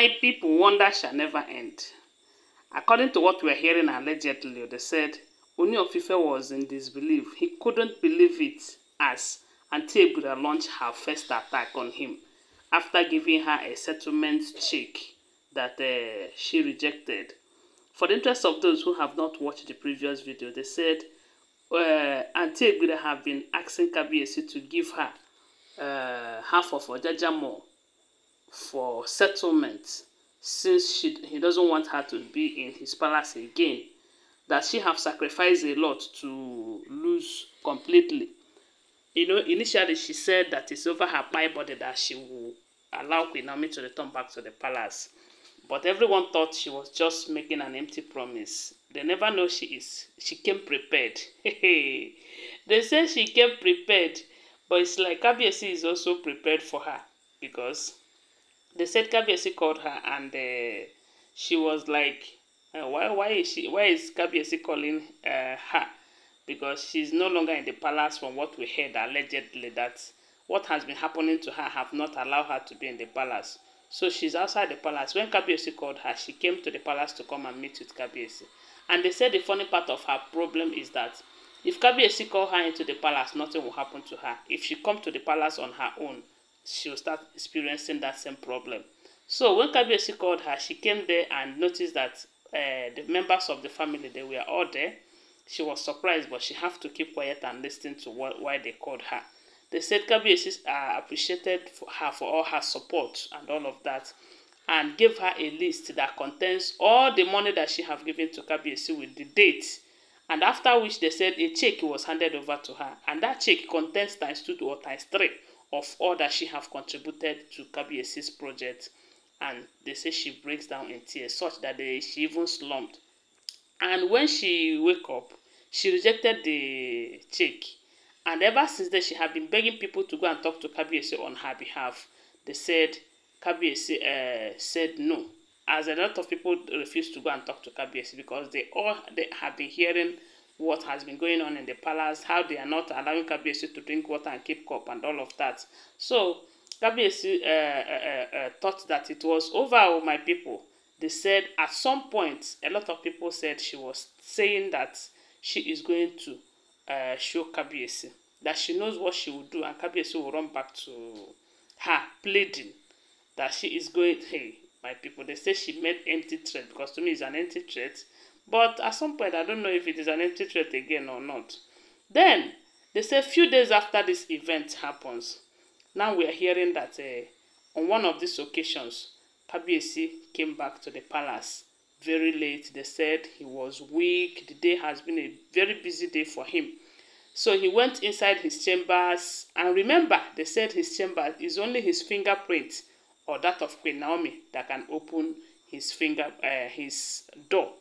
My people wonder shall never end. According to what we are hearing allegedly, they said Oni of was in disbelief. He couldn't believe it as until Buddha launched her first attack on him after giving her a settlement check that uh, she rejected. For the interest of those who have not watched the previous video, they said uh, Auntie Egbida have been asking Kabiesi to give her uh, half of Ojajamo for settlement since she, he doesn't want her to be in his palace again. That she have sacrificed a lot to lose completely. You know, initially she said that it's over her pie body that she will allow Queen Naomi to return back to the palace. But everyone thought she was just making an empty promise. They never know she is. She came prepared. they say she came prepared, but it's like Kabiesi is also prepared for her because they said Kabiesi called her and uh, she was like, uh, why, why is she, why is Kabiesi calling uh, her? Because she's no longer in the palace from what we heard allegedly that what has been happening to her have not allowed her to be in the palace. So she's outside the palace. When Kabiesi called her, she came to the palace to come and meet with Kabiesi. And they said the funny part of her problem is that if Kabiesi called her into the palace, nothing will happen to her. If she come to the palace on her own, She will start experiencing that same problem. So when Kabiyesi called her, she came there and noticed that uh, the members of the family, they were all there. She was surprised, but she have to keep quiet and listen to what, why they called her. They said Kabiyesi uh, appreciated for her for all her support and all of that and gave her a list that contains all the money that she have given to Kabiyesi with the date and after which they said a check was handed over to her and that check contains times two or times three of all that she have contributed to KBS's project and they say she breaks down in tears such that they, she even slumped and when she wake up she rejected the check and ever since then she had been begging people to go and talk to Kabiyesi on her behalf they said Kabiyesi uh, said no as a lot of people refused to go and talk to Kabiyesi because they all they had been hearing what has been going on in the palace, how they are not allowing Kabiyesi to drink water and keep cup and all of that. So Kabiyesi uh, uh, uh, uh thought that it was over, with oh, my people. They said at some point, a lot of people said she was saying that she is going to uh, show Kabiyesi, that she knows what she will do and Kabiyesi will run back to her pleading that she is going, hey, my people, they say she made empty threat because to me it's an empty threat But at some point, I don't know if it is an empty threat again or not. Then, they say a few days after this event happens, now we are hearing that uh, on one of these occasions, Kabiesi came back to the palace very late. They said he was weak. The day has been a very busy day for him. So he went inside his chambers. And remember, they said his chamber is only his fingerprint or that of Queen Naomi that can open his finger, uh, his door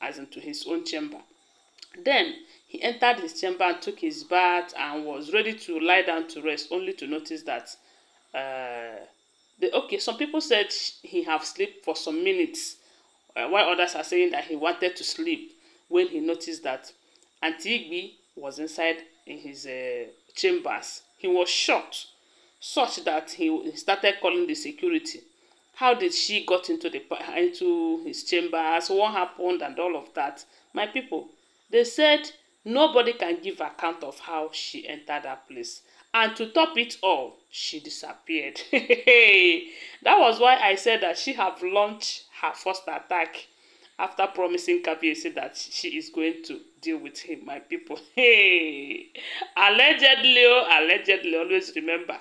as into his own chamber. Then he entered his chamber and took his bath and was ready to lie down to rest, only to notice that uh, the okay. Some people said he have slept for some minutes, uh, while others are saying that he wanted to sleep when he noticed that Auntie was inside in his uh, chambers. He was shocked, such that he started calling the security how did she got into the into his chambers what happened and all of that my people they said nobody can give account of how she entered that place and to top it all she disappeared that was why i said that she have launched her first attack after promising kabiyesi that she is going to deal with him my people hey allegedly oh, allegedly always remember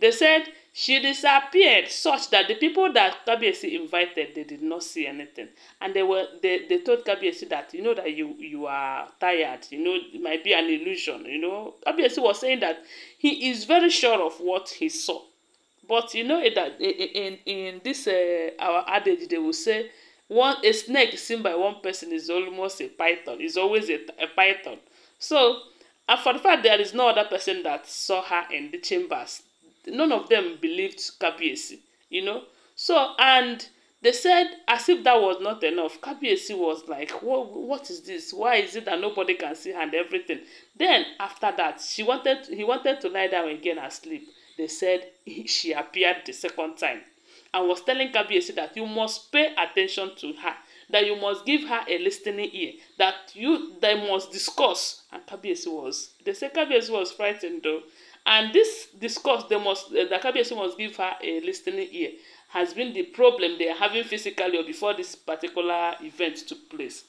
They said she disappeared such that the people that Kabiesi invited, they did not see anything. And they were they, they told Kabiesi that, you know, that you you are tired, you know, it might be an illusion, you know. Kabiesi was saying that he is very sure of what he saw. But you know that in in this uh, our adage they will say one a snake seen by one person is almost a python, is always a, a python. So and for the fact there is no other person that saw her in the chambers none of them believed Kabiesi, you know. So, and they said, as if that was not enough, Kabiesi was like, what, what is this? Why is it that nobody can see her and everything? Then, after that, she wanted, he wanted to lie down again and sleep. They said she appeared the second time and was telling Kabiesi that you must pay attention to her, that you must give her a listening ear, that you they must discuss. And Kabiesi was, they said Kabiesi was frightened though. And this discourse they must, uh, eh, the Kabiyesi must give her a listening ear has been the problem they are having physically or before this particular event took place.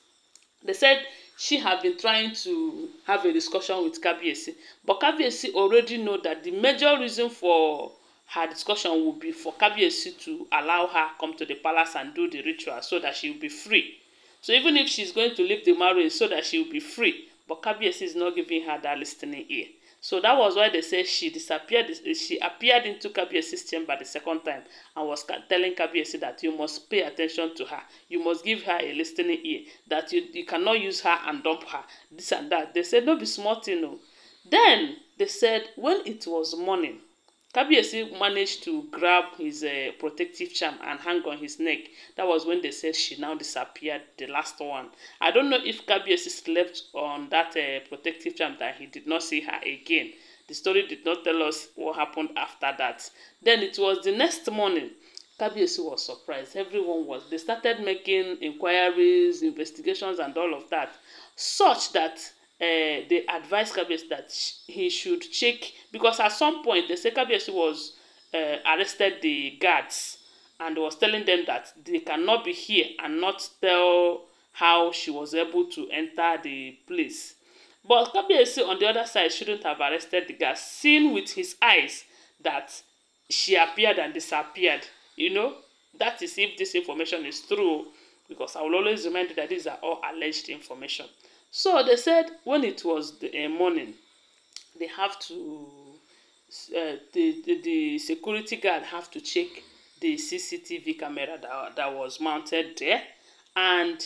They said she had been trying to have a discussion with Kabiyesi, but Kabiyesi already know that the major reason for her discussion would be for Kabiyesi to allow her come to the palace and do the ritual so that she will be free. So even if she's going to leave the marriage so that she will be free, but Kabiyesi is not giving her that listening ear. So that was why they say she disappeared. She appeared into Kabiyesi system by the second time and was telling Kabiyesi that you must pay attention to her. You must give her a listening ear. That you, you cannot use her and dump her. This and that. They said, no be smart, you oh. know." Then they said, when it was morning, Kabiesi managed to grab his uh, protective charm and hang on his neck. That was when they said she now disappeared, the last one. I don't know if Kabiesi slept on that uh, protective charm that he did not see her again. The story did not tell us what happened after that. Then it was the next morning. Kabiesi was surprised. Everyone was. They started making inquiries, investigations, and all of that, such that uh, they advised Kabiyesi that he should check because at some point they say Kabiyesi was uh, arrested the guards and was telling them that they cannot be here and not tell how she was able to enter the place. But Kabiyesi on the other side shouldn't have arrested the guards, seeing with his eyes that she appeared and disappeared. You know, that is if this information is true, because I will always remind you that these are all alleged information. So they said when it was the uh, morning, they have to, uh, the, the, the security guard have to check the CCTV camera that, that was mounted there. And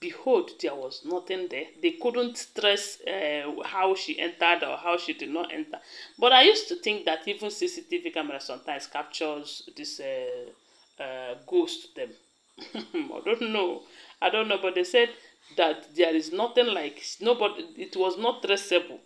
behold, there was nothing there. They couldn't stress uh, eh, how she entered or how she did not enter. But I used to think that even CCTV camera sometimes captures this uh, uh, ghost them. I don't know. I don't know, but they said that there is nothing like nobody it was not traceable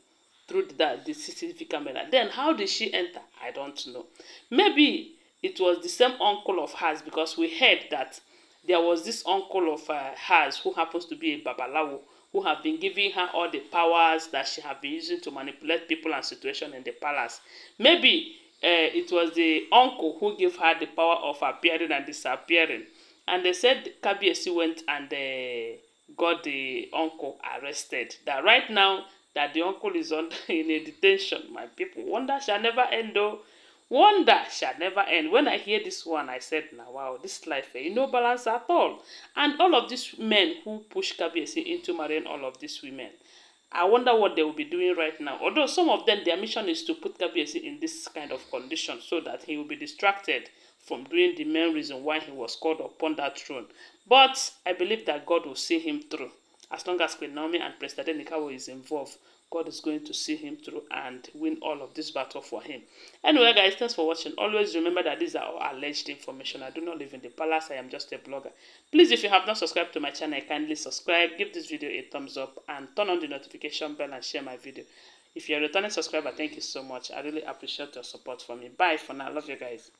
through that the CCTV camera. Then how did she enter? I don't know. Maybe it was the same uncle of hers because we heard that there was this uncle of uh, hers who happens to be a babalawo who have been giving her all the powers that she have been using to manipulate people and situation in the palace. Maybe uh, it was the uncle who gave her the power of appearing and disappearing. And they said Kabiesi went and uh, got the uncle arrested. That right now that the uncle is on in a detention. My people, wonder shall never end though. Wonder shall never end. When I hear this one, I said, now wow, this life, eh, no balance at all. And all of these men who push Kabiesi into marrying all of these women, I wonder what they will be doing right now. Although some of them, their mission is to put Kabiesi in this kind of condition so that he will be distracted from doing the main reason why he was called upon that throne. But I believe that God will see him through. As long as Queen Naomi and President Nikawa is involved, God is going to see him through and win all of this battle for him. Anyway, guys, thanks for watching. Always remember that these are all alleged information. I do not live in the palace. I am just a blogger. Please, if you have not subscribed to my channel, kindly subscribe, give this video a thumbs up, and turn on the notification bell and share my video. If you're a returning subscriber, thank you so much. I really appreciate your support for me. Bye for now. Love you guys.